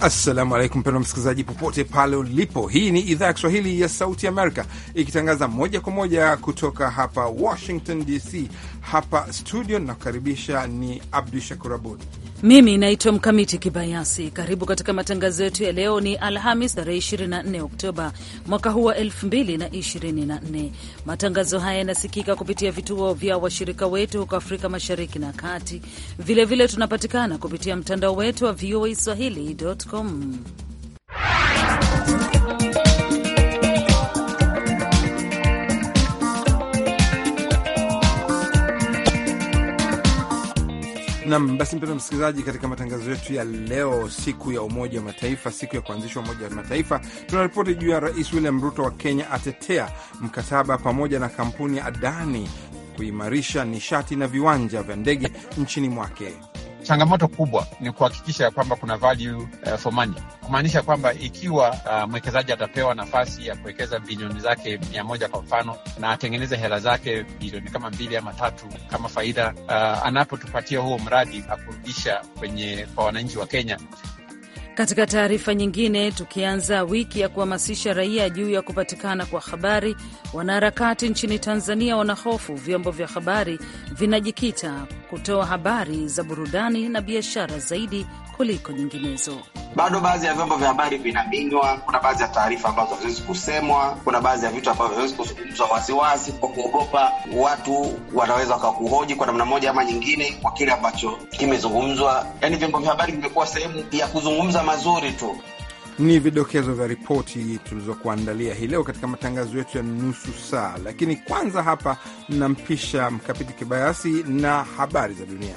Assalamu alaikum mpendwa msikilizaji, popote pale ulipo. Hii ni idhaa ya Kiswahili ya Sauti Amerika ikitangaza moja kwa moja kutoka hapa Washington DC. Hapa studio nakukaribisha ni Abdu Shakur Abud mimi naitwa Mkamiti Kibayasi. Karibu katika matangazo yetu ya leo. Ni Alhamis tarehe 24 Oktoba mwaka huu wa 2024. Matangazo haya yanasikika kupitia vituo vya washirika wetu huko Afrika Mashariki na Kati. Vilevile vile tunapatikana kupitia mtandao wetu wa VOA Swahili.com. Nam basi, mpendwa msikilizaji, katika matangazo yetu ya leo, siku ya Umoja wa Mataifa, siku ya kuanzishwa Umoja wa Mataifa, ripoti juu ya Rais William Ruto wa Kenya atetea mkataba pamoja na kampuni ya Adani kuimarisha nishati na viwanja vya ndege nchini mwake changamoto kubwa ni kuhakikisha kwamba kuna value uh, for money, kumaanisha kwamba ikiwa uh, mwekezaji atapewa nafasi ya kuwekeza bilioni zake mia moja kwa mfano, na atengeneze hela zake bilioni kama mbili ama tatu kama faida uh, anapotupatia huo mradi akurudisha kwenye kwa wananchi wa Kenya katika taarifa nyingine, tukianza wiki ya kuhamasisha raia juu ya kupatikana kwa habari, wanaharakati nchini Tanzania wanahofu vyombo vya habari vinajikita kutoa habari za burudani na biashara zaidi kuliko nyinginezo. Bado baadhi ya vyombo vya habari vinabinywa, kuna baadhi ya taarifa ambazo haziwezi kusemwa, kuna baadhi ya vitu ambavyo haviwezi kuzungumzwa waziwazi kwa kuogopa watu wanaweza wakakuhoji kwa namna moja ama nyingine kwa kile ambacho kimezungumzwa. Yaani vyombo vya habari vimekuwa sehemu ya kuzungumza mazuri tu. Ni vidokezo vya ripoti tulizokuandalia hii leo katika matangazo yetu ya nusu saa, lakini kwanza hapa nampisha Mkapiti Kibayasi na habari za dunia.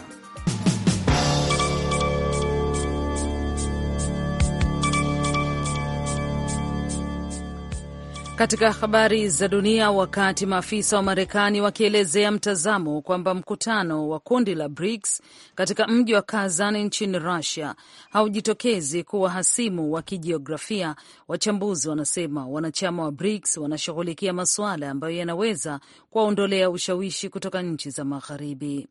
Katika habari za dunia, wakati maafisa wa Marekani wakielezea mtazamo kwamba mkutano wa kundi la BRICS katika mji wa Kazan nchini Russia haujitokezi kuwa hasimu wa kijiografia, wachambuzi wanasema wanachama wa BRICS wanashughulikia masuala ambayo yanaweza kuwaondolea ushawishi kutoka nchi za Magharibi.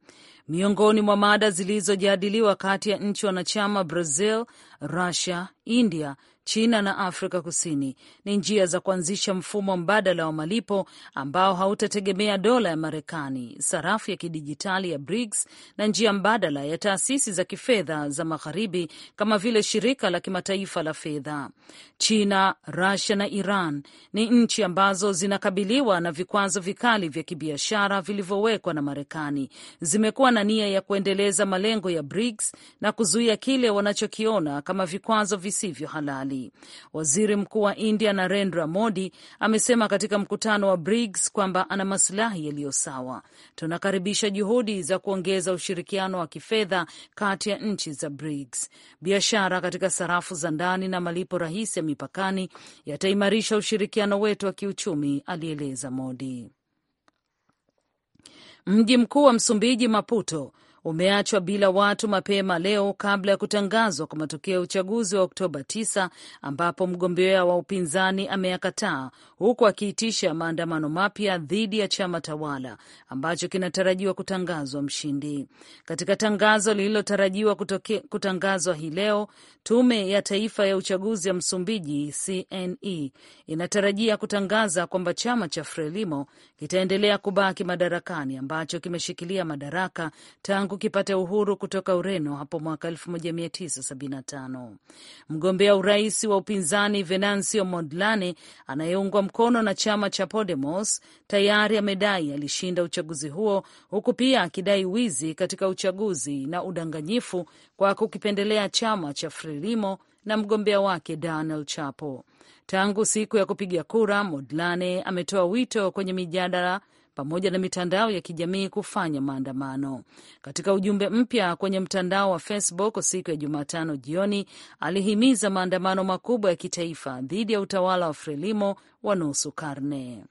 Miongoni mwa mada zilizojadiliwa kati ya nchi wanachama Brazil, Russia, India China na Afrika Kusini ni njia za kuanzisha mfumo mbadala wa malipo ambao hautategemea dola ya Marekani, sarafu ya kidijitali ya BRICS na njia mbadala ya taasisi za kifedha za magharibi kama vile shirika la kimataifa la fedha. China, rasia na Iran ni nchi ambazo zinakabiliwa na vikwazo vikali vya kibiashara vilivyowekwa na Marekani. Zimekuwa na nia ya kuendeleza malengo ya BRICS na kuzuia kile wanachokiona kama vikwazo visivyo halali serikali. Waziri Mkuu wa India Narendra Modi amesema katika mkutano wa BRICS kwamba ana masilahi yaliyo sawa. Tunakaribisha juhudi za kuongeza ushirikiano wa kifedha kati ya nchi za BRICS. Biashara katika sarafu za ndani na malipo rahisi ya mipakani yataimarisha ushirikiano wetu wa kiuchumi, alieleza Modi. Mji mkuu wa Msumbiji Maputo umeachwa bila watu mapema leo kabla ya kutangazwa kwa matokeo ya uchaguzi wa Oktoba 9 ambapo mgombea wa upinzani ameyakataa huku akiitisha maandamano mapya dhidi ya chama tawala ambacho kinatarajiwa kutangazwa mshindi. Katika tangazo lililotarajiwa kutangazwa hii leo, tume ya taifa ya uchaguzi ya Msumbiji CNE inatarajia kutangaza kwamba chama cha Frelimo kitaendelea kubaki madarakani ambacho kimeshikilia madaraka tangu tangu kipata uhuru kutoka Ureno hapo mwaka 1975. Mgombea urais wa upinzani Venancio Mondlane anayeungwa mkono na chama cha Podemos tayari amedai alishinda uchaguzi huo, huku pia akidai wizi katika uchaguzi na udanganyifu kwa kukipendelea chama cha Frelimo na mgombea wake Daniel Chapo. Tangu siku ya kupiga kura, Modlane ametoa wito kwenye mijadala pamoja na mitandao ya kijamii kufanya maandamano. Katika ujumbe mpya kwenye mtandao wa Facebook siku ya Jumatano jioni, alihimiza maandamano makubwa ya kitaifa dhidi ya utawala wa Frelimo wa nusu karne.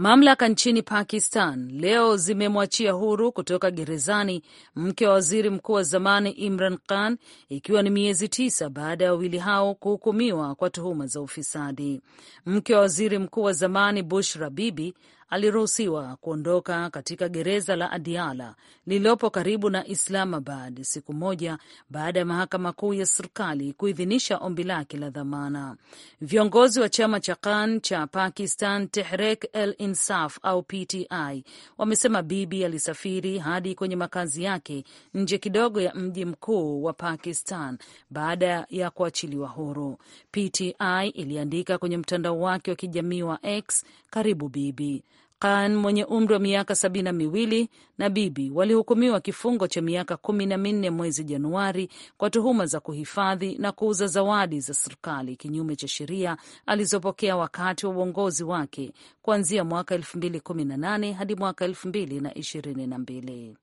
Mamlaka nchini Pakistan leo zimemwachia huru kutoka gerezani mke wa waziri mkuu wa zamani Imran Khan, ikiwa ni miezi tisa baada ya wawili hao kuhukumiwa kwa tuhuma za ufisadi. Mke wa waziri mkuu wa zamani Bushra Bibi aliruhusiwa kuondoka katika gereza la Adiala lililopo karibu na Islamabad siku moja baada ya mahakama kuu ya serikali kuidhinisha ombi lake la dhamana. Viongozi wa chama cha KAN cha Pakistan Tehrek el Insaf au PTI wamesema Bibi alisafiri hadi kwenye makazi yake nje kidogo ya mji mkuu wa Pakistan baada ya kuachiliwa huru. PTI iliandika kwenye mtandao wake wa kijamii wa X, karibu Bibi. Khan mwenye umri wa miaka sabini na miwili na bibi walihukumiwa kifungo cha miaka kumi na minne mwezi Januari kwa tuhuma za kuhifadhi na kuuza zawadi za serikali kinyume cha sheria alizopokea wakati wa uongozi wake kuanzia mwaka elfu mbili kumi na nane hadi mwaka elfu mbili na ishirini na mbili.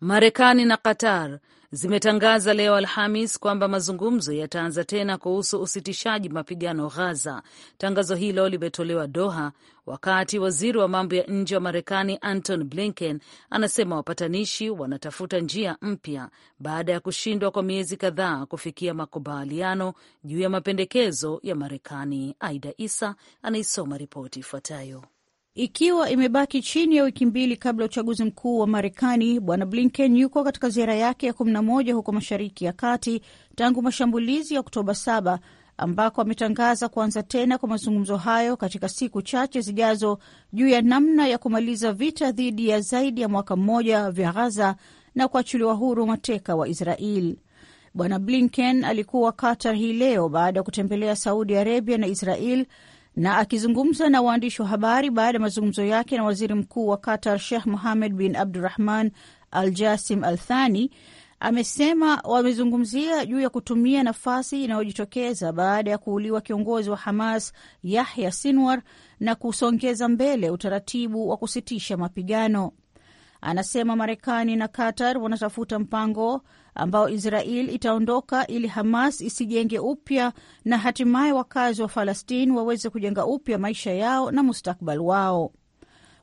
Marekani na Qatar zimetangaza leo Alhamis kwamba mazungumzo yataanza tena kuhusu usitishaji mapigano Ghaza. Tangazo hilo limetolewa Doha wakati waziri wa mambo ya nje wa Marekani Anton Blinken anasema wapatanishi wanatafuta njia mpya baada ya kushindwa kwa miezi kadhaa kufikia makubaliano juu ya mapendekezo ya Marekani. Aida Isa anaisoma ripoti ifuatayo. Ikiwa imebaki chini ya wiki mbili kabla ya uchaguzi mkuu wa Marekani, Bwana Blinken yuko katika ziara yake ya 11 huko Mashariki ya Kati tangu mashambulizi ya Oktoba 7 ambako ametangaza kuanza tena kwa mazungumzo hayo katika siku chache zijazo juu ya namna ya kumaliza vita dhidi ya zaidi ya mwaka mmoja vya Ghaza na kuachiliwa huru mateka wa Israel. Bwana Blinken alikuwa Qatar hii leo baada ya kutembelea Saudi Arabia na Israel na akizungumza na waandishi wa habari baada ya mazungumzo yake na waziri mkuu wa Qatar Sheikh Mohammed bin Abdurahman Al Jasim Al Thani amesema wamezungumzia juu ya kutumia nafasi inayojitokeza baada ya kuuliwa kiongozi wa Hamas Yahya Sinwar na kusongeza mbele utaratibu wa kusitisha mapigano. Anasema Marekani na Qatar wanatafuta mpango ambao Israel itaondoka ili Hamas isijenge upya na hatimaye wakazi wa Falastini waweze kujenga upya maisha yao na mustakbal wao.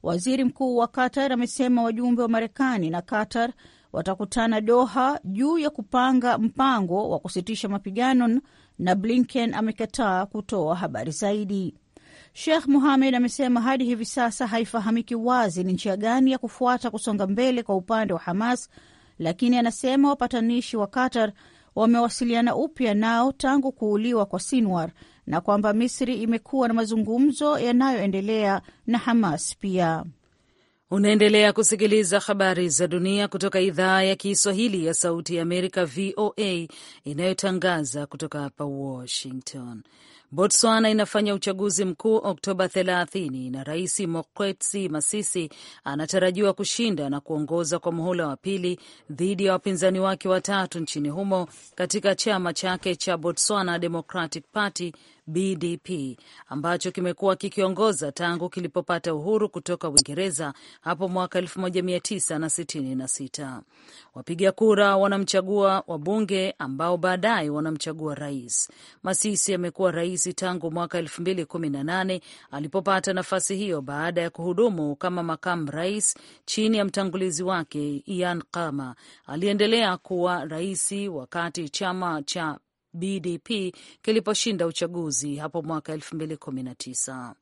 Waziri Mkuu wa Qatar amesema wajumbe wa Marekani na Qatar watakutana Doha juu ya kupanga mpango wa kusitisha mapigano, na Blinken amekataa kutoa habari zaidi. Sheikh Mohamed amesema hadi hivi sasa haifahamiki wazi ni njia gani ya kufuata kusonga mbele kwa upande wa Hamas lakini anasema wapatanishi wa Qatar wamewasiliana upya nao tangu kuuliwa kwa Sinwar na kwamba Misri imekuwa na mazungumzo yanayoendelea na Hamas pia. Unaendelea kusikiliza habari za dunia kutoka idhaa ya Kiswahili ya Sauti ya Amerika, VOA, inayotangaza kutoka hapa Washington. Botswana inafanya uchaguzi mkuu Oktoba 30 na Rais Mokgweetsi Masisi anatarajiwa kushinda na kuongoza kwa muhula wa pili dhidi ya wapinzani wake watatu nchini humo katika chama chake cha Botswana Democratic Party BDP ambacho kimekuwa kikiongoza tangu kilipopata uhuru kutoka Uingereza hapo mwaka 1966. Wapiga kura wanamchagua wabunge ambao baadaye wanamchagua rais. Masisi amekuwa rais tangu mwaka 2018 alipopata nafasi hiyo baada ya kuhudumu kama makamu rais chini ya mtangulizi wake Ian Kama. Aliendelea kuwa rais wakati chama cha BDP kiliposhinda uchaguzi hapo mwaka 2019.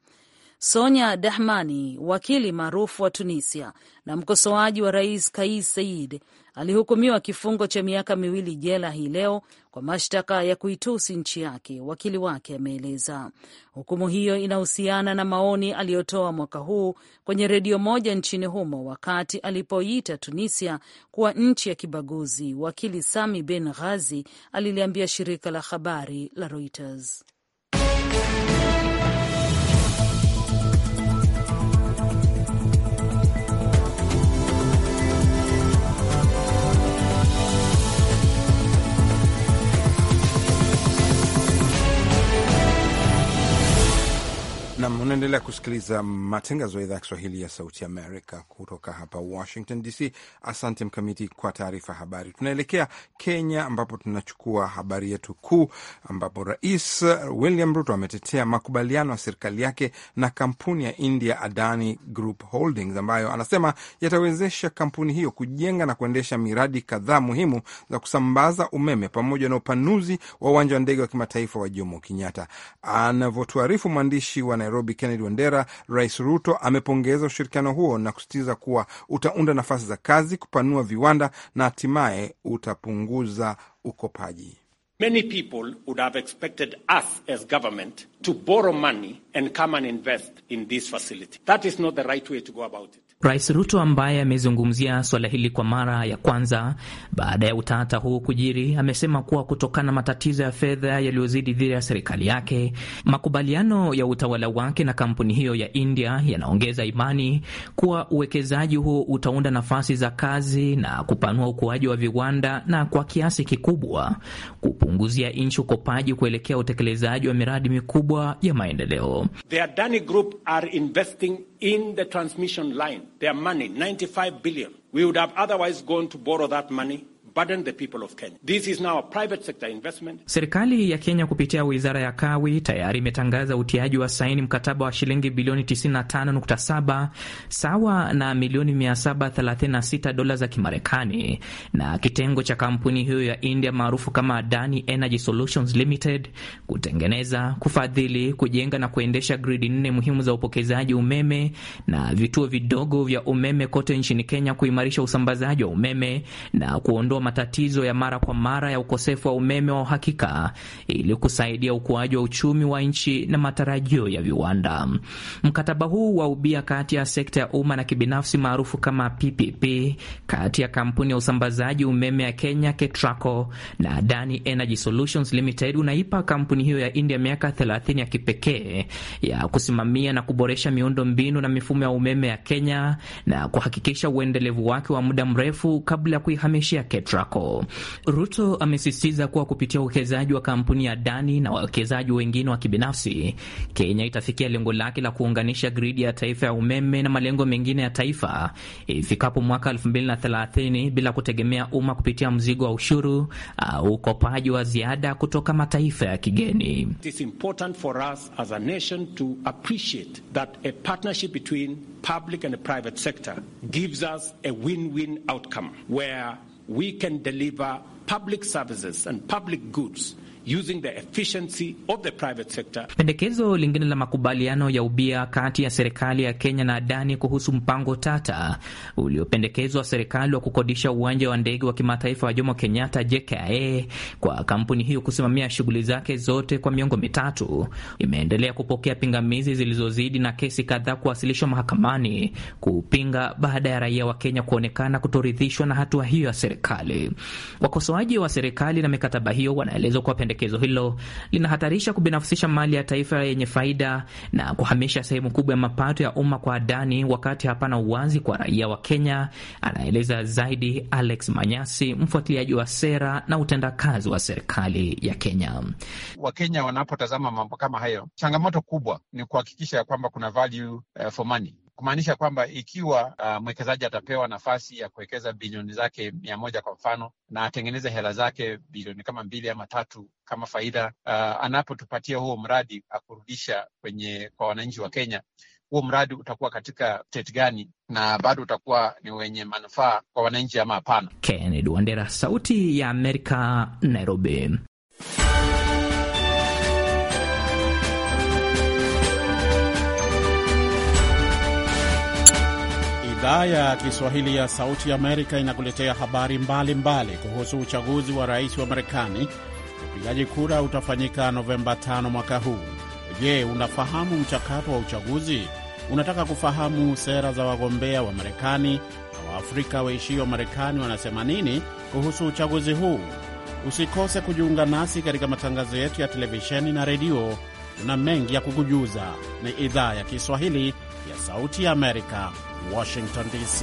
Sonya Dahmani, wakili maarufu wa Tunisia na mkosoaji wa rais Kais Saied, alihukumiwa kifungo cha miaka miwili jela hii leo kwa mashtaka ya kuitusi nchi yake, wakili wake ameeleza. Hukumu hiyo inahusiana na maoni aliyotoa mwaka huu kwenye redio moja nchini humo wakati alipoiita Tunisia kuwa nchi ya kibaguzi. Wakili Sami Ben Ghazi aliliambia shirika la habari la Reuters. Unaendelea kusikiliza matangazo ya idhaa ya Kiswahili ya Sauti Amerika kutoka hapa Washington DC. Asante Mkamiti kwa taarifa habari. Tunaelekea Kenya ambapo tunachukua habari yetu kuu, ambapo Rais William Ruto ametetea makubaliano ya serikali yake na kampuni ya India Adani Group Holdings ambayo anasema yatawezesha kampuni hiyo kujenga na kuendesha miradi kadhaa muhimu za kusambaza umeme pamoja na upanuzi wa uwanja wa ndege wa kimataifa wa Jomo Kenyatta. Anavyotuarifu mwandishi wa Nairobi Kennedy Wandera, Rais Ruto amepongeza ushirikiano huo na kusisitiza kuwa utaunda nafasi za kazi, kupanua viwanda na hatimaye utapunguza ukopaji. Many people would have expected us as government to borrow money and come and invest in this facility. That is not the right way to go about it. Rais Ruto ambaye amezungumzia swala hili kwa mara ya kwanza baada ya utata huu kujiri, amesema kuwa kutokana na matatizo ya fedha yaliyozidi dhidi ya serikali yake, makubaliano ya utawala wake na kampuni hiyo ya India yanaongeza imani kuwa uwekezaji huo utaunda nafasi za kazi na kupanua ukuaji wa viwanda na kwa kiasi kikubwa kupunguzia nchi ukopaji kuelekea utekelezaji wa miradi mikubwa ya maendeleo. The Adani Group are investing in the transmission line, their money, 95 billion. We would have otherwise gone to borrow that money burden the people of Kenya. This is now a private sector investment. Serikali ya Kenya kupitia wizara ya Kawi tayari imetangaza utiaji wa saini mkataba wa shilingi bilioni 95.7 sawa na milioni 736 dola za Kimarekani na kitengo cha kampuni hiyo ya India maarufu kama Adani Energy Solutions Limited kutengeneza, kufadhili, kujenga na kuendesha gridi nne muhimu za upokezaji umeme na vituo vidogo vya umeme kote nchini Kenya kuimarisha usambazaji wa umeme na kuondoa kutatua matatizo ya mara kwa mara ya ukosefu wa umeme wa uhakika ili kusaidia ukuaji wa uchumi wa nchi na matarajio ya viwanda. Mkataba huu wa ubia kati ya sekta ya umma na kibinafsi maarufu kama PPP kati ya kampuni ya usambazaji umeme ya Kenya KETRACO na Adani Energy Solutions Limited unaipa kampuni hiyo ya India miaka 30 ya kipekee ya kusimamia na kuboresha miundo mbinu na mifumo ya umeme ya Kenya na kuhakikisha uendelevu wake wa muda mrefu kabla ya kuihamishia KETRACO. Traco. Ruto amesisitiza kuwa kupitia uwekezaji wa kampuni ya Dani na wawekezaji wengine wa kibinafsi, Kenya itafikia lengo lake la kuunganisha gridi ya taifa ya umeme na malengo mengine ya taifa ifikapo mwaka 2030 bila kutegemea umma kupitia mzigo wa ushuru au ukopaji wa ziada kutoka mataifa ya kigeni. Public and private sector gives us a win-win outcome where we can deliver public services and public goods using the efficiency of the private sector. Pendekezo lingine la makubaliano ya ubia kati ya serikali ya Kenya na Adani kuhusu mpango tata uliopendekezwa serikali wa kukodisha uwanja wa ndege wa kimataifa wa Jomo Kenyatta jka kwa kampuni hiyo kusimamia shughuli zake zote kwa miongo mitatu imeendelea kupokea pingamizi zilizozidi na kesi kadhaa kuwasilishwa mahakamani kupinga baada ya raia wa Kenya kuonekana kutoridhishwa na hatua hiyo ya serikali. Wakosoaji wa serikali na mikataba hiyo wanaelezwa kuwa pendekezo hilo linahatarisha kubinafsisha mali ya taifa yenye faida na kuhamisha sehemu kubwa ya mapato ya umma kwa dani, wakati hapana uwazi kwa raia wa Kenya. Anaeleza zaidi Alex Manyasi, mfuatiliaji wa sera na utendakazi wa serikali ya Kenya. Wakenya wanapotazama mambo kama hayo, changamoto kubwa ni kuhakikisha ya kwamba kuna value eh, for money kumaanisha kwamba ikiwa uh, mwekezaji atapewa nafasi ya kuwekeza bilioni zake mia moja kwa mfano, na atengeneze hela zake bilioni kama mbili ama tatu kama faida uh, anapotupatia huo mradi akurudisha kwenye kwa wananchi wa Kenya, huo mradi utakuwa katika state gani na bado utakuwa ni wenye manufaa kwa wananchi ama hapana? Kennedy Wandera, Sauti ya Amerika, Nairobi. Idhaa ya Kiswahili ya Sauti ya Amerika inakuletea habari mbalimbali mbali kuhusu uchaguzi wa rais wa Marekani. Upigaji kura utafanyika Novemba 5 mwaka huu. Je, unafahamu mchakato wa uchaguzi? Unataka kufahamu sera za wagombea wa Marekani na Waafrika waishio Marekani wanasema nini kuhusu uchaguzi huu? Usikose kujiunga nasi katika matangazo yetu ya televisheni na redio. Tuna mengi ya kukujuza. Ni idhaa ya Kiswahili ya Sauti ya Amerika. Washington DC.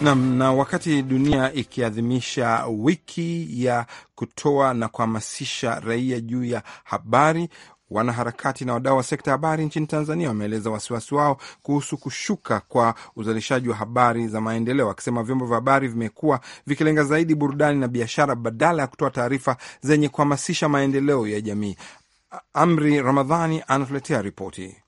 Nam, na wakati dunia ikiadhimisha wiki ya kutoa na kuhamasisha raia juu ya habari, wanaharakati na wadau wa sekta ya habari nchini Tanzania wameeleza wasiwasi wao kuhusu kushuka kwa uzalishaji wa habari za maendeleo, wakisema vyombo vya habari vimekuwa vikilenga zaidi burudani na biashara badala ya kutoa taarifa zenye kuhamasisha maendeleo ya jamii. Amri Ramadhani anatuletea ripoti.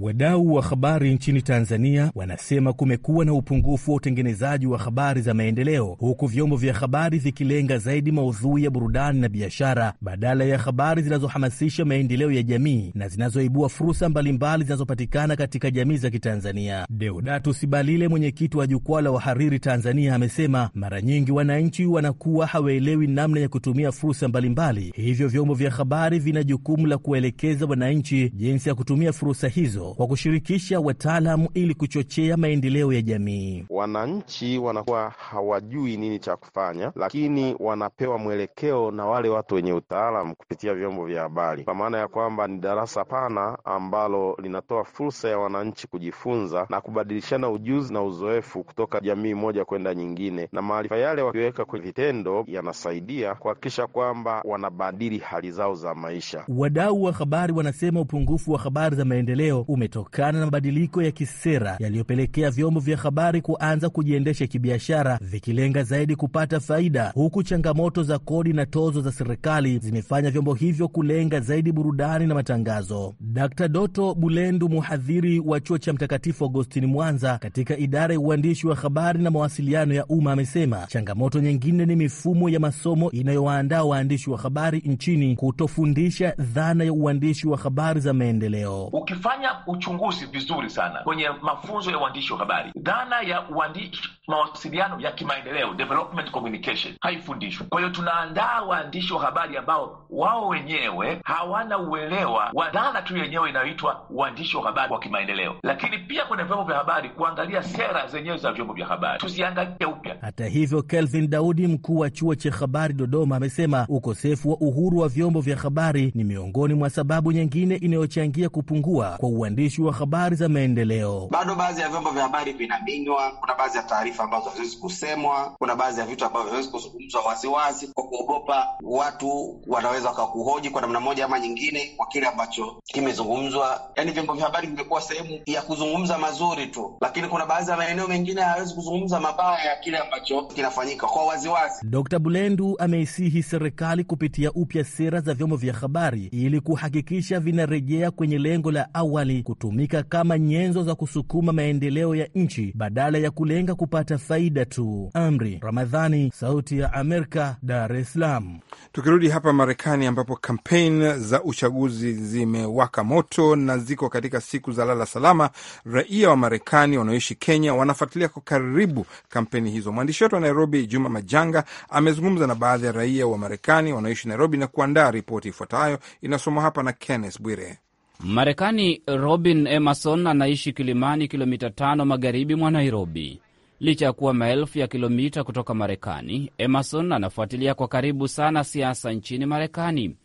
Wadau wa habari nchini Tanzania wanasema kumekuwa na upungufu wa utengenezaji wa habari za maendeleo, huku vyombo vya habari vikilenga zaidi maudhui ya burudani na biashara badala ya habari zinazohamasisha maendeleo ya jamii na zinazoibua fursa mbalimbali zinazopatikana katika jamii za Kitanzania. Deodatus Balile, mwenyekiti wa Jukwaa la Wahariri Tanzania, amesema mara nyingi wananchi wanakuwa hawaelewi namna ya kutumia fursa mbalimbali, hivyo vyombo vya habari vina jukumu la kuwaelekeza wananchi jinsi ya kutumia fursa hizo hizo kwa kushirikisha wataalamu ili kuchochea maendeleo ya jamii. Wananchi wanakuwa hawajui nini cha kufanya, lakini wanapewa mwelekeo na wale watu wenye utaalamu kupitia vyombo vya habari, kwa maana ya kwamba ni darasa pana ambalo linatoa fursa ya wananchi kujifunza na kubadilishana ujuzi na uzoefu kutoka jamii moja kwenda nyingine, na maarifa yale wakiweka kwenye vitendo yanasaidia kuhakikisha kwamba wanabadili hali zao za maisha. Wadau wa habari wanasema upungufu wa habari za maendeleo umetokana na mabadiliko ya kisera yaliyopelekea vyombo vya habari kuanza kujiendesha kibiashara, vikilenga zaidi kupata faida, huku changamoto za kodi na tozo za serikali zimefanya vyombo hivyo kulenga zaidi burudani na matangazo. d Doto Bulendu, mhadhiri wa chuo cha Mtakatifu Agostini Mwanza katika idara ya uandishi wa habari na mawasiliano ya umma, amesema changamoto nyingine ni mifumo ya masomo inayowaandaa waandishi wa habari nchini kutofundisha dhana ya uandishi wa habari za maendeleo. Ukifanya uchunguzi vizuri sana kwenye mafunzo ya uandishi wa habari. Dhana ya uandishi mawasiliano ya kimaendeleo, development communication, haifundishwi. Kwa hiyo tunaandaa waandishi wa habari ambao wao wenyewe hawana uelewa wa dhana tu yenyewe inayoitwa uandishi wa habari wa kimaendeleo, lakini pia kwenye vyombo vya habari kuangalia sera zenyewe za vyombo vya habari, tuziangalie upya. Hata hivyo, Kelvin Daudi, mkuu wa chuo cha habari Dodoma, amesema ukosefu wa uhuru wa vyombo vya habari ni miongoni mwa sababu nyingine inayochangia kupungua kwa uandishi wa habari za maendeleo. Bado baadhi ya vyombo vya habari vinaminywa, kuna baadhi ya taarifa taarifa ambazo haziwezi kusemwa, kuna baadhi ya vitu ambavyo haviwezi kuzungumzwa waziwazi kwa kuogopa watu wanaweza wakakuhoji kwa namna moja ama nyingine kwa kile ambacho kimezungumzwa. Yani vyombo vya habari vimekuwa sehemu ya kuzungumza mazuri tu, lakini kuna baadhi ya maeneo mengine hayawezi kuzungumza mabaya ya kile ambacho kinafanyika kwa waziwazi. Dr. Bulendu ameisihi serikali kupitia upya sera za vyombo vya habari ili kuhakikisha vinarejea kwenye lengo la awali, kutumika kama nyenzo za kusukuma maendeleo ya nchi badala ya kulenga kupata kupata faida tu. Amri Ramadhani, Sauti ya Amerika, Dar es Salaam. Tukirudi hapa Marekani, ambapo kampeni za uchaguzi zimewaka moto na ziko katika siku za lala salama, raia wa Marekani wanaoishi Kenya wanafuatilia kwa karibu kampeni hizo. Mwandishi wetu wa Nairobi, Juma Majanga, amezungumza na baadhi ya raia wa Marekani wanaoishi Nairobi na kuandaa ripoti ifuatayo. Inasomwa hapa na Kenneth Bwire. Marekani Robin Emerson anaishi Kilimani, kilomita tano magharibi mwa Nairobi. Licha ya kuwa maelfu ya kilomita kutoka Marekani, Emerson anafuatilia kwa karibu sana siasa nchini Marekani.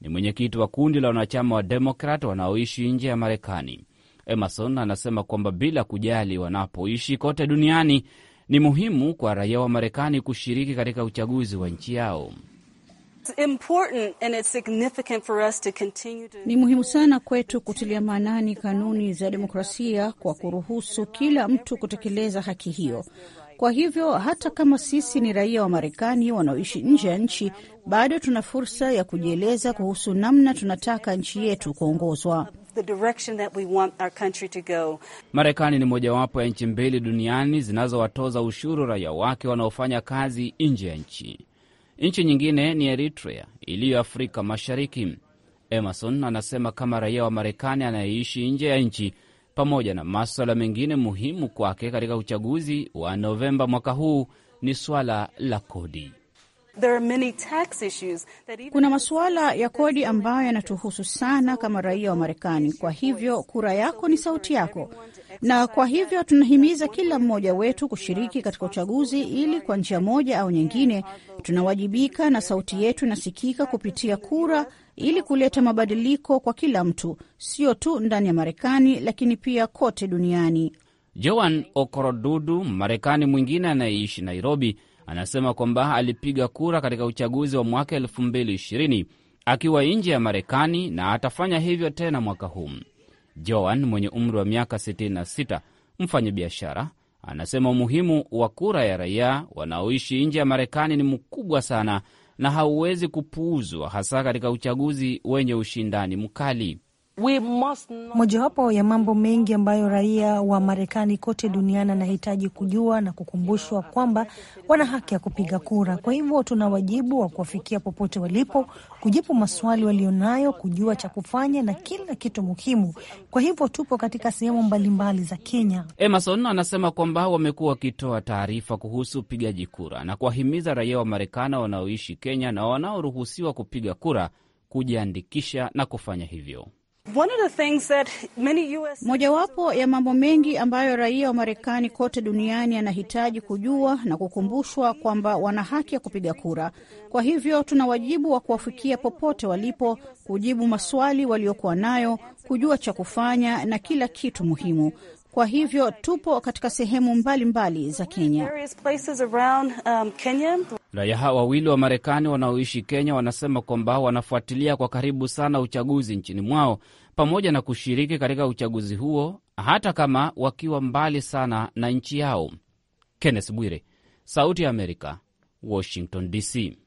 Ni mwenyekiti wa kundi la wanachama wa Demokrat wanaoishi nje ya Marekani. Emerson anasema kwamba bila kujali wanapoishi kote duniani, ni muhimu kwa raia wa Marekani kushiriki katika uchaguzi wa nchi yao. Ni muhimu sana kwetu kutilia maanani kanuni za demokrasia kwa kuruhusu kila mtu kutekeleza haki hiyo. Kwa hivyo hata kama sisi ni raia wa Marekani wanaoishi nje ya nchi, bado tuna fursa ya kujieleza kuhusu namna tunataka nchi yetu kuongozwa. Marekani ni mojawapo ya nchi mbili duniani zinazowatoza ushuru raia wake wanaofanya kazi nje ya nchi. Nchi nyingine ni Eritrea iliyo Afrika Mashariki. Emerson anasema kama raia wa Marekani anayeishi nje ya nchi, pamoja na maswala mengine muhimu kwake katika uchaguzi wa Novemba mwaka huu ni swala la kodi. Kuna masuala ya kodi ambayo yanatuhusu sana kama raia wa Marekani. Kwa hivyo kura yako ni sauti yako, na kwa hivyo tunahimiza kila mmoja wetu kushiriki katika uchaguzi, ili kwa njia moja au nyingine tunawajibika na sauti yetu inasikika kupitia kura, ili kuleta mabadiliko kwa kila mtu, sio tu ndani ya Marekani, lakini pia kote duniani. Joan Okorodudu, Marekani mwingine anayeishi Nairobi, anasema kwamba alipiga kura katika uchaguzi wa mwaka 2020 akiwa nje ya Marekani na atafanya hivyo tena mwaka huu. Joan mwenye umri wa miaka 66, mfanyabiashara, anasema umuhimu wa kura ya raia wanaoishi nje ya Marekani ni mkubwa sana na hauwezi kupuuzwa, hasa katika uchaguzi wenye ushindani mkali mojawapo ya mambo mengi ambayo raia wa Marekani kote duniani anahitaji kujua na kukumbushwa kwamba wana haki ya kupiga kura. Kwa hivyo tuna wajibu wa kuwafikia popote walipo, kujibu maswali walionayo, kujua cha kufanya na kila kitu muhimu. Kwa hivyo tupo katika sehemu mbalimbali za Kenya. Emerson anasema kwamba wamekuwa wakitoa taarifa kuhusu upigaji kura na kuwahimiza raia wa Marekani wanaoishi Kenya na wanaoruhusiwa kupiga kura kujiandikisha na kufanya hivyo mojawapo ya mambo mengi ambayo raia wa Marekani kote duniani anahitaji kujua na kukumbushwa kwamba wana haki ya kupiga kura. Kwa hivyo tuna wajibu wa kuwafikia popote walipo, kujibu maswali waliokuwa nayo, kujua cha kufanya na kila kitu muhimu. Kwa hivyo tupo katika sehemu mbalimbali mbali za Kenya. Raia hao wawili wa Marekani wanaoishi Kenya wanasema kwamba wanafuatilia kwa karibu sana uchaguzi nchini mwao pamoja na kushiriki katika uchaguzi huo hata kama wakiwa mbali sana na nchi yao. Kenneth Bwire, Sauti ya Amerika, Washington DC.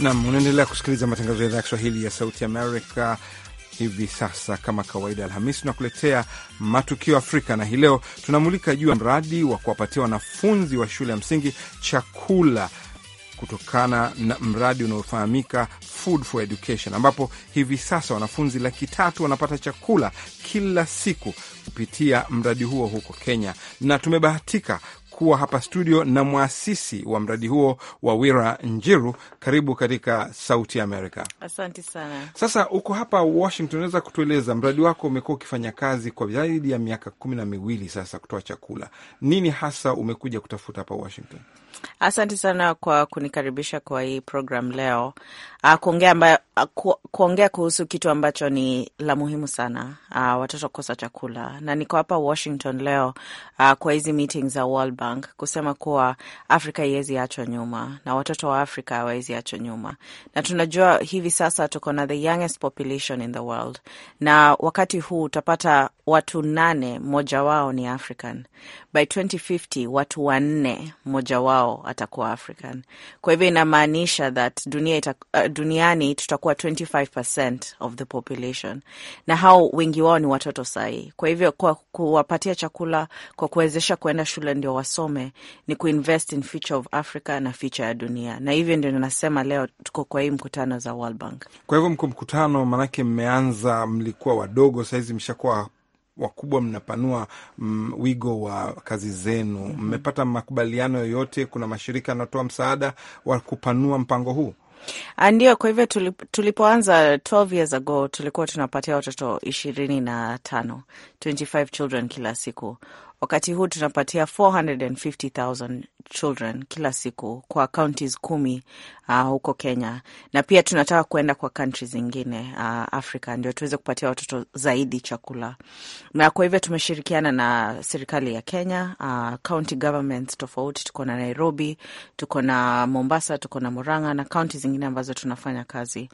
Nam, unaendelea kusikiliza matangazo ya idhaa ya Kiswahili ya Sauti Amerika. Hivi sasa kama kawaida, Alhamisi tunakuletea matukio Afrika, na hii leo tunamulika juu ya mradi wa kuwapatia wanafunzi wa shule ya msingi chakula kutokana na mradi unaofahamika Food for Education, ambapo hivi sasa wanafunzi laki tatu wanapata chakula kila siku kupitia mradi huo huko Kenya, na tumebahatika kuwa hapa studio na mwasisi wa mradi huo wa wira Njiru. Karibu katika Sauti Amerika. Asante sana. Sasa uko hapa Washington, unaweza kutueleza mradi wako umekuwa ukifanya kazi kwa zaidi ya miaka kumi na miwili sasa, kutoa chakula. Nini hasa umekuja kutafuta hapa Washington? Asante sana kwa kunikaribisha kwa hii program leo. Ah, kuongea amba, ah, ku, kuongea kuhusu kitu ambacho ni la muhimu sana uh, watoto kukosa chakula, na niko hapa Washington leo uh, kwa hizi meeting za World Bank kusema kuwa Afrika iwezi achwa nyuma na watoto wa Afrika hawawezi achwa nyuma, na tunajua hivi sasa tuko na the youngest population in the world, na wakati huu utapata watu nane mmoja wao ni African. By 2050 watu wanne mmoja wao atakuwa African. Kwa hivyo inamaanisha that dunia ita, uh, duniani tutakuwa 25% of the population, na hao wengi wao ni watoto sahii. Kwa hivyo kwa kuwapatia chakula, kwa kuwezesha kuenda shule ndio wasome, ni kuinvest in future of Africa na future ya dunia, na hivyo ndio nasema leo tuko kwa hii mkutano za World Bank. Kwa hivyo mko mkutano, maanake mmeanza, mlikuwa wadogo, sahizi mshakuwa wakubwa mnapanua mm, wigo wa kazi zenu. Mm-hmm. Mmepata mm -hmm. makubaliano yoyote? Kuna mashirika yanatoa msaada wa kupanua mpango huu? Ah, ndio, kwa hivyo tulipoanza 12 years ago tulikuwa tunapatia watoto ishirini na tano 25 children kila siku Wakati huu tunapatia 450,000 children kila siku kwa counties kumi uh, huko Kenya, na pia tunataka kuenda kwa countries zingine uh, Afrika ndio tuweze kupatia watoto zaidi chakula, na kwa hivyo tumeshirikiana na serikali ya Kenya, uh, county governments tofauti. Tuko na Nairobi, tuko na Mombasa, tuko na Murang'a na county zingine ambazo tunafanya kazi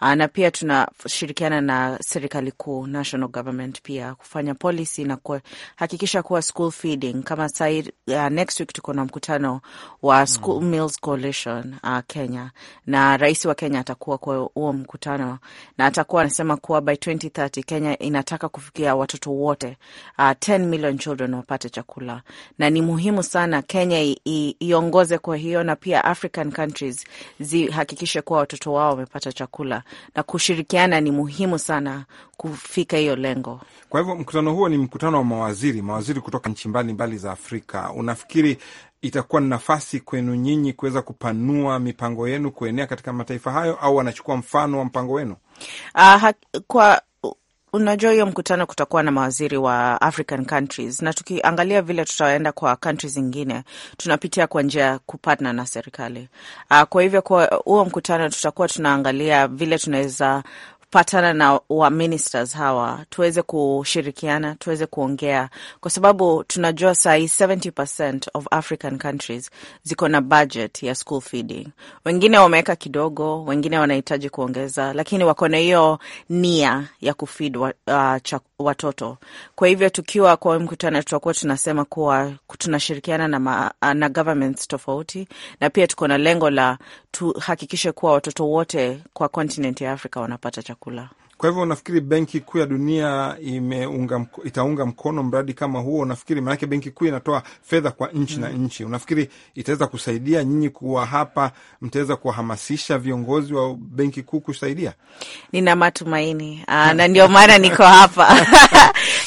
uh, na pia tunashirikiana na serikali kuu, national government, pia kufanya policy na kuhakikisha kuwa school feeding kama said, uh, next week tuko na mkutano wa School Meals hmm. Coalition uh, Kenya, na rais wa Kenya atakuwa kwa huo mkutano, na atakuwa anasema kuwa by 2030 Kenya inataka kufikia watoto wote uh, 10 million children wapate chakula, na ni muhimu sana Kenya iongoze kwa hiyo, na pia African countries zihakikishe kuwa watoto wao wamepata chakula, na kushirikiana ni muhimu sana kufika hiyo lengo. Kwa hivyo mkutano huo ni mkutano wa mawaziri mawaziri kutoka kutoka nchi mbalimbali za Afrika. Unafikiri itakuwa ni nafasi kwenu nyinyi kuweza kupanua mipango yenu kuenea katika mataifa hayo, au wanachukua mfano wa mpango wenu? Uh, kwa Unajua, hiyo mkutano kutakuwa na mawaziri wa African countries, na tukiangalia vile tutaenda kwa countries zingine, tunapitia kwa njia ya kupatna na serikali. Ah, kwa hivyo, kwa huo mkutano tutakuwa tunaangalia vile tunaweza kupatana na wa ministers hawa tuweze kushirikiana, tuweze kuongea, kwa sababu tunajua sahi 70% of African countries ziko na budget ya school feeding. Wengine wameweka kidogo, wengine wanahitaji kuongeza, lakini wako na hiyo nia ya kufeed wa, uh, watoto. Kwa hivyo tukiwa kwa mkutano, tutakuwa tunasema kuwa tunashirikiana na, ma, uh, na governments tofauti, na pia tuko na lengo la tuhakikishe kuwa watoto wote kwa continent ya Africa wanapata chakula chakula. Kwa hivyo unafikiri Benki Kuu ya Dunia imeunga, itaunga mkono mradi kama huo? Unafikiri maanake Benki Kuu inatoa fedha kwa nchi mm, na nchi, unafikiri itaweza kusaidia nyinyi kuwa hapa, mtaweza kuwahamasisha viongozi wa Benki Kuu kusaidia? Nina matumaini aa, ah, na ndio maana niko hapa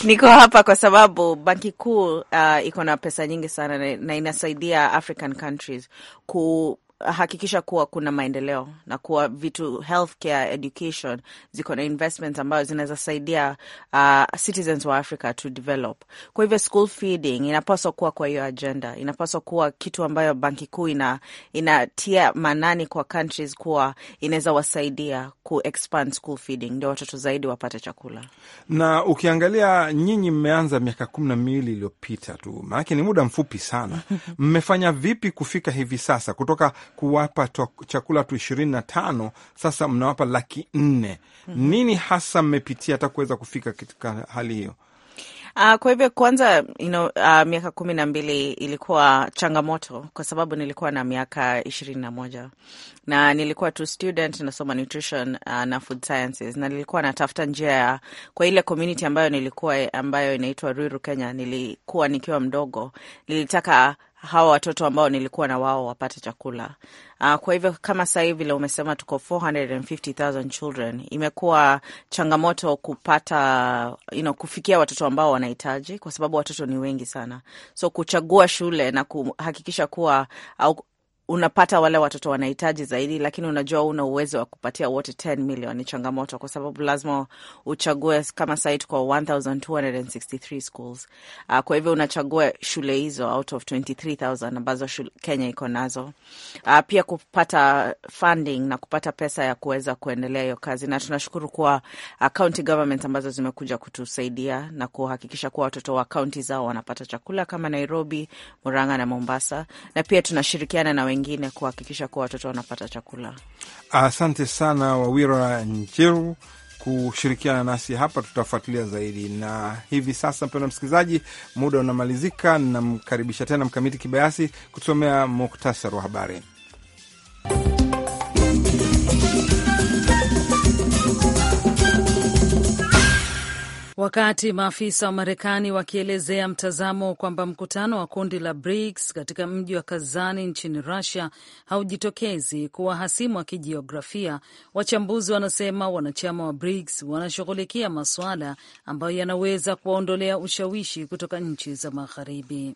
niko hapa kwa sababu banki Kuu uh, iko na pesa nyingi sana na, na inasaidia African countries ku hakikisha kuwa kuna maendeleo na kuwa vitu healthcare, education ziko na investments ambayo zinaweza saidia uh, citizens wa Africa to develop. Kwa hivyo school feeding inapaswa kuwa kwa hiyo agenda, inapaswa kuwa kitu ambayo Banki Kuu ina inatia manani kwa countries kuwa inaweza wasaidia ku expand school feeding, ndio watoto zaidi wapate chakula. Na ukiangalia nyinyi mmeanza miaka kumi na miwili iliyopita tu, maanake ni muda mfupi sana mmefanya vipi kufika hivi sasa kutoka kuwapa chakula tu ishirini na tano, sasa mnawapa laki nne. Mhm. Nini hasa mmepitia hata kuweza kufika katika hali hiyo? Uh, kwa hivyo kwanza you know, uh, miaka kumi na mbili ilikuwa changamoto kwa sababu nilikuwa na miaka ishirini na moja na nilikuwa tu student nasoma nutrition uh, na food sciences na nilikuwa natafuta njia ya kwa ile community ambayo nilikuwa ambayo inaitwa Ruiru Kenya. Nilikuwa nikiwa mdogo nilitaka hawa watoto ambao nilikuwa na wao wapate chakula. Uh, kwa hivyo kama sahivi vile umesema tuko 450,000 children, imekuwa changamoto kupata you know, kufikia watoto ambao wanahitaji, kwa sababu watoto ni wengi sana, so kuchagua shule na kuhakikisha kuwa au, unapata wale watoto wanahitaji zaidi, lakini unajua una uwezo wa kupatia wote 10 million. Ni changamoto kwa sababu lazima uchague kama sahii tuko 1263 schools. Uh, kwa hivyo unachagua shule hizo out of 23000 ambazo Kenya iko nazo. Uh, pia kupata funding na kupata pesa ya kuweza kuendelea hiyo kazi, na tunashukuru kuwa uh, county government ambazo zimekuja kutusaidia na kuhakikisha kuwa watoto wa county zao wanapata chakula kama Nairobi, Murang'a na Mombasa, na pia tunashirikiana na wengi mengine kuhakikisha kuwa watoto wanapata chakula. Asante sana Wawira Njeru kushirikiana nasi hapa, tutafuatilia zaidi. Na hivi sasa, mpendwa msikilizaji, muda unamalizika. Namkaribisha tena Mkamiti Kibayasi kusomea muktasari wa habari. Wakati maafisa wa Marekani wakielezea mtazamo kwamba mkutano wa kundi la BRICS katika mji wa Kazani nchini Russia haujitokezi kuwa hasimu wa kijiografia, wachambuzi wanasema wanachama wa BRICS wanashughulikia masuala ambayo yanaweza kuwaondolea ushawishi kutoka nchi za Magharibi.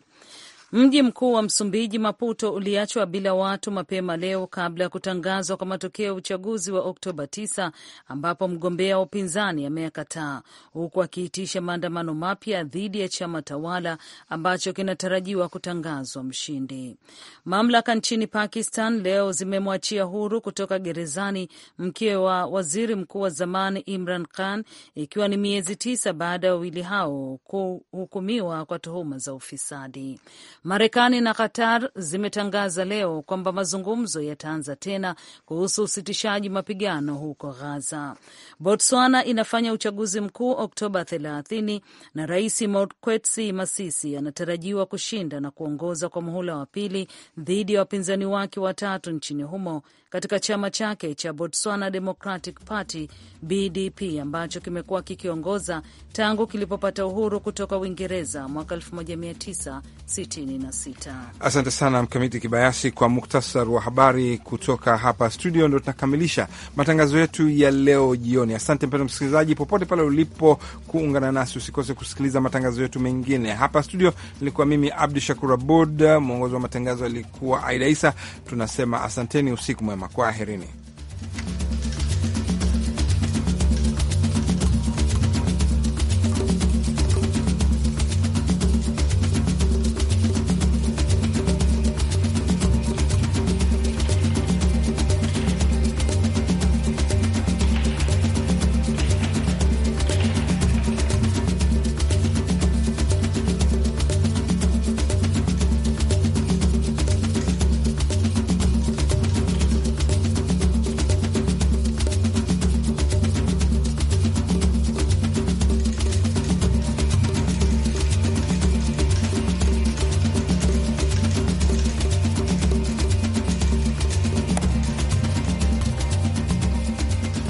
Mji mkuu wa Msumbiji, Maputo, uliachwa bila watu mapema leo kabla ya kutangazwa kwa matokeo ya uchaguzi wa Oktoba 9 ambapo mgombea wa upinzani ameyakataa huku akiitisha maandamano mapya dhidi ya chama tawala ambacho kinatarajiwa kutangazwa mshindi. Mamlaka nchini Pakistan leo zimemwachia huru kutoka gerezani mke wa waziri mkuu wa zamani Imran Khan, ikiwa ni miezi tisa baada ya wawili hao kuhukumiwa kwa tuhuma za ufisadi. Marekani na Qatar zimetangaza leo kwamba mazungumzo yataanza tena kuhusu usitishaji mapigano huko Gaza. Botswana inafanya uchaguzi mkuu Oktoba 30 na Rais Mokgweetsi Masisi anatarajiwa kushinda na kuongoza kwa muhula wa pili dhidi ya wapinzani wake watatu nchini humo katika chama chake cha Botswana Democratic Party BDP ambacho kimekuwa kikiongoza tangu kilipopata uhuru kutoka Uingereza mwaka 1966. Asante sana Mkamiti Kibayasi kwa muktasar wa habari kutoka hapa studio. Ndo tunakamilisha matangazo yetu ya leo jioni. Asante mpendo msikilizaji, popote pale ulipo kuungana nasi, usikose kusikiliza matangazo yetu mengine hapa studio. Nilikuwa mimi Abdu Shakur Abud, mwongozi wa matangazo alikuwa Aida Isa. Tunasema asanteni, usiku mwema. Kwaherini.